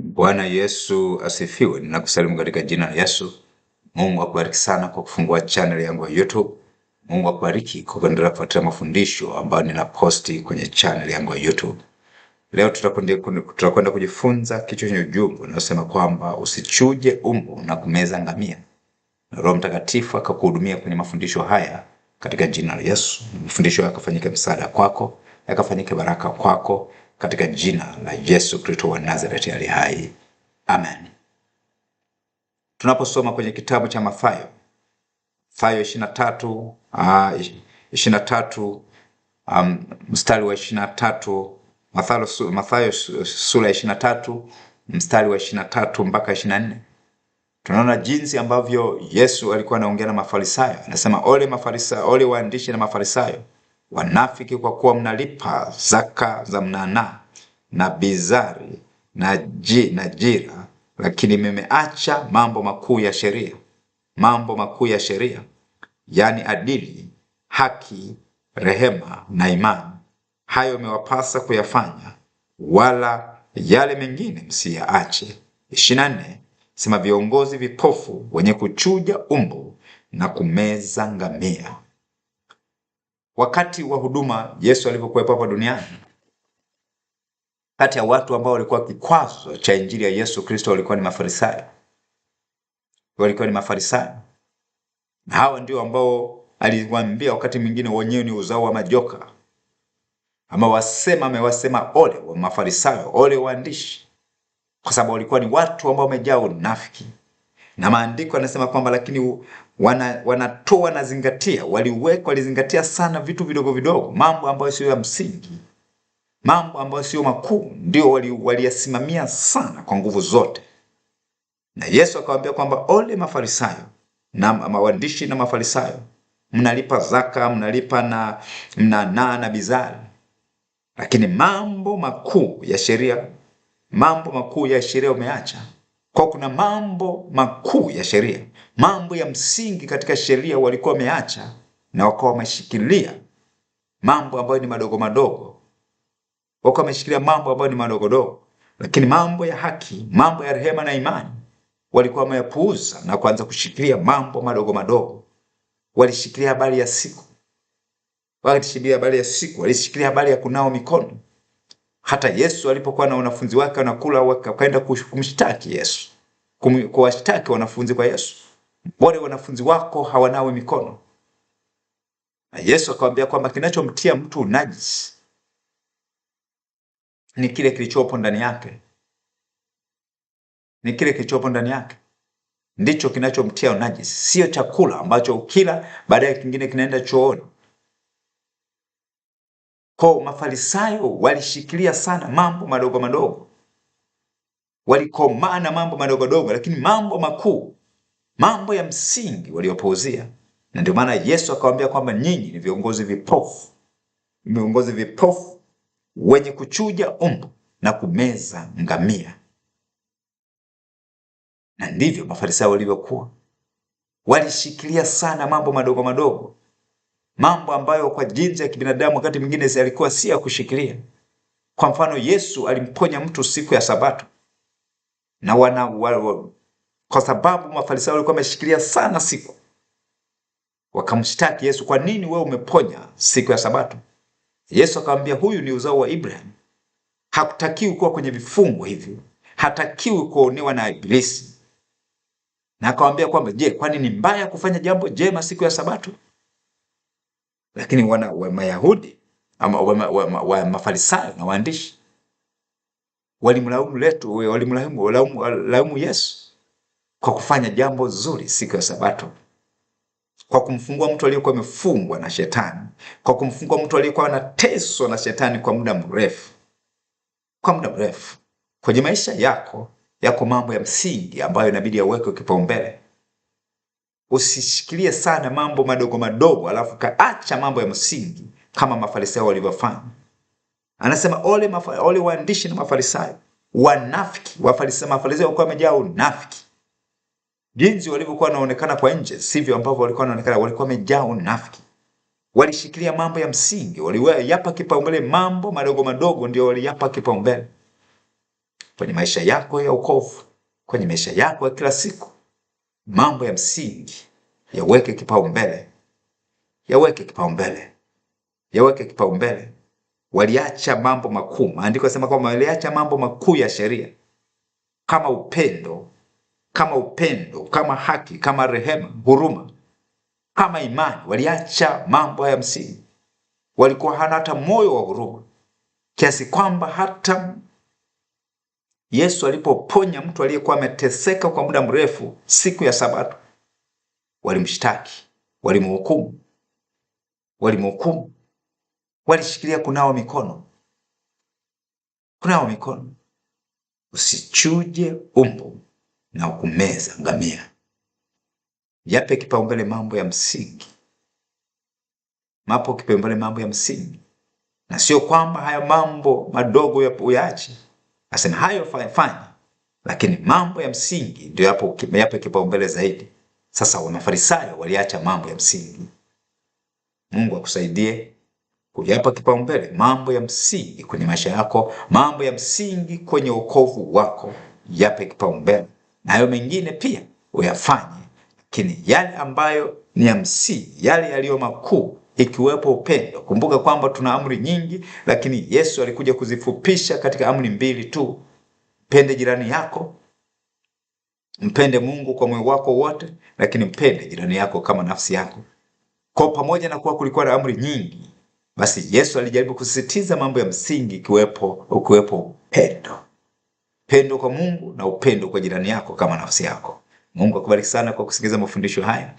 Bwana Yesu asifiwe. Ninakusalimu katika jina la Yesu. Mungu akubariki sana kwa kufungua channel yangu ya YouTube. Mungu akubariki kwa kuendelea kufuatilia mafundisho ambayo ninaposti kwenye channel yangu ya YouTube. Leo tutakwenda kujifunza kichwa chenye ujumbe unaosema kwamba usichuje umbu na kumeza ngamia, na Roho Mtakatifu akakuhudumia kwenye mafundisho haya katika jina la Yesu. Mafundisho yakafanyike msaada kwako, yakafanyike baraka kwako, katika jina la Yesu Kristo wa Nazareti ali hai, amen. Tunaposoma kwenye kitabu cha Mathayo, Mathayo 23 23 ah, um, mstari wa 23, Mathayo Mathayo sura ya 23 mstari wa 23 mpaka 24, tunaona jinsi ambavyo Yesu alikuwa anaongea na Mafarisayo. Anasema, ole Mafarisayo, ole waandishi na Mafarisayo wanafiki kwa kuwa mnalipa zaka za mnanaa na bizari na, ji, na jira, lakini mmeacha mambo makuu ya sheria, mambo makuu ya sheria, yaani adili, haki, rehema na imani. Hayo imewapasa kuyafanya, wala yale mengine msiyaache. 24 sema viongozi vipofu wenye kuchuja umbu na kumeza ngamia wakati wa huduma Yesu alipokuwepo hapa duniani, kati ya watu ambao walikuwa kikwazo cha injili ya Yesu Kristo walikuwa ni Mafarisayo, walikuwa ni Mafarisayo, na hawa ndio ambao aliwaambia wakati mwingine wenyewe ni uzao wa majoka, wasema amewasema ole wa Mafarisayo, ole waandishi, kwa sababu walikuwa ni watu ambao wamejaa unafiki na maandiko yanasema kwamba lakini wana, wanatoa wanazingatia, waliweka walizingatia sana vitu vidogo vidogo, mambo ambayo sio ya msingi, mambo ambayo sio makuu, ndio waliyasimamia wali sana kwa nguvu zote. Na Yesu akawaambia kwamba ole Mafarisayo na mawandishi na Mafarisayo, mnalipa zaka, mnalipa na na, na bizari, lakini mambo makuu ya sheria, mambo makuu ya sheria umeacha kwa kuna mambo makuu ya sheria, mambo ya msingi katika sheria walikuwa wameacha na wakawa wameshikilia mambo ambayo ni madogo madogo, wakawa wameshikilia mambo ambayo ni madogo madogodogo, lakini mambo ya haki, mambo ya rehema na imani walikuwa wameyapuuza na kuanza kushikilia mambo madogo madogo. Walishikilia habari ya siku, walishikilia habari ya siku, walishikilia habari ya kunao mikono hata Yesu alipokuwa na wanafunzi wake wanakula, wakaenda kumshtaki Yesu, kuwashtaki wanafunzi kwa Yesu, wale wanafunzi wako hawanawe mikono? Na Yesu akamwambia kwamba kinachomtia mtu unajisi ni kile kilichopo ndani yake, ni kile kilichopo ndani yake ndicho kinachomtia unajisi, sio chakula ambacho ukila baadaye kingine kinaenda chooni. Kwa Mafarisayo walishikilia sana mambo madogo madogo, walikomaa na mambo madogo madogo, lakini mambo makuu, mambo ya msingi waliopuuzia. Na ndio maana Yesu akawaambia kwamba nyinyi ni viongozi vipofu, viongozi vipofu wenye kuchuja umbo na kumeza ngamia. Na ndivyo Mafarisayo walivyokuwa, walishikilia sana mambo madogo madogo mambo ambayo kwa jinsi ya kibinadamu wakati mwingine yalikuwa si ya kushikilia. Kwa mfano, Yesu alimponya mtu siku ya Sabato na wana, wana, kwa sababu Mafarisayo walikuwa wameshikilia sana siku, wakamshtaki Yesu, kwa nini wewe umeponya siku ya Sabato? Yesu akamwambia, huyu ni uzao wa Ibrahim, hakutakiwi kuwa kwenye vifungo hivyo, hatakiwi kuonewa na Ibilisi. Na akamwambia kwamba je, kwani ni mbaya kufanya jambo jema siku ya Sabato? lakini wana wa Mayahudi ama wa, wa, wa, wa Mafarisayo na waandishi walimlaumu letu walimlaumu walaumu, walaumu Yesu kwa kufanya jambo zuri siku ya Sabato, kwa kumfungua mtu aliyekuwa amefungwa na shetani, kwa kumfungua mtu aliyekuwa anateswa na shetani kwa muda mrefu, kwa muda mrefu. Kwenye maisha yako yako mambo ya msingi ambayo inabidi yawekwe kipaumbele usishikilie sana mambo madogo madogo, alafu kaacha mambo ya msingi kama mafarisayo walivyofanya. Anasema ole, mafa, ole waandishi na mafarisayo wanafiki. Wafarisayo Mafarisayo walikuwa wamejaa unafiki. Jinsi walivyokuwa wanaonekana kwa nje sivyo ambavyo walikuwa wanaonekana, walikuwa wamejaa unafiki. Walishikilia mambo ya msingi, waliyapa kipaumbele, mambo madogo madogo ndio waliyapa kipaumbele kwenye maisha yako ya ukovu, kwenye maisha yako ya kila siku mambo ya msingi yaweke kipaumbele, yaweke kipaumbele, yaweke kipaumbele. Waliacha mambo makuu. Maandiko yanasema kwamba waliacha mambo makuu ya sheria kama upendo, kama upendo, kama haki, kama rehema, huruma, kama imani. Waliacha mambo ya msingi, walikuwa hana hata moyo wa huruma, kiasi kwamba hata Yesu alipoponya mtu aliyekuwa ameteseka kwa muda mrefu siku ya Sabato, walimshtaki, walimhukumu, walimhukumu, walishikilia kunao mikono, kunao mikono, usichuje umbu na ukumeza ngamia. Yape kipaumbele mambo ya msingi, mapo kipaumbele mambo ya msingi, na sio kwamba haya mambo madogo ya Asema hayo fanya, lakini mambo ya msingi ndio yapo yapo kipaumbele zaidi. Sasa mafarisayo waliacha mambo ya msingi. Mungu akusaidie kuyapa kipaumbele mambo ya msingi kwenye maisha yako, mambo ya msingi kwenye wokovu wako, yape kipaumbele, na hayo mengine pia uyafanye, lakini yale ambayo ni ya msingi, yale yaliyo makuu ikiwepo upendo. Kumbuka kwamba tuna amri nyingi, lakini Yesu alikuja kuzifupisha katika amri mbili tu: mpende jirani yako, mpende Mungu kwa moyo wako wote, lakini mpende jirani yako kama nafsi yako. Kwa pamoja na kuwa kulikuwa na amri nyingi, basi Yesu alijaribu kusisitiza mambo ya msingi, ikiwepo ukiwepo upendo, pendo kwa Mungu na upendo kwa jirani yako kama nafsi yako. Mungu akubariki sana kwa kusikiliza mafundisho haya.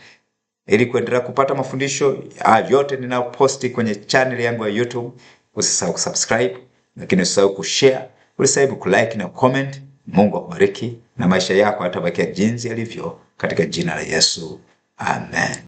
Ili kuendelea kupata mafundisho ah, yote ninayoposti kwenye channel yangu ya YouTube, usisahau kusubscribe, lakini usisahau kushare, usisahau kulike na comment. Mungu akubariki na maisha yako yatabakia jinsi yalivyo katika jina la Yesu. Amen.